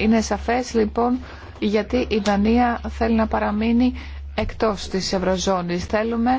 Είναι σαφές λοιπόν γιατί η Δανία θέλει να παραμείνει εκτός της Ευρωζώνης. Θέλουμε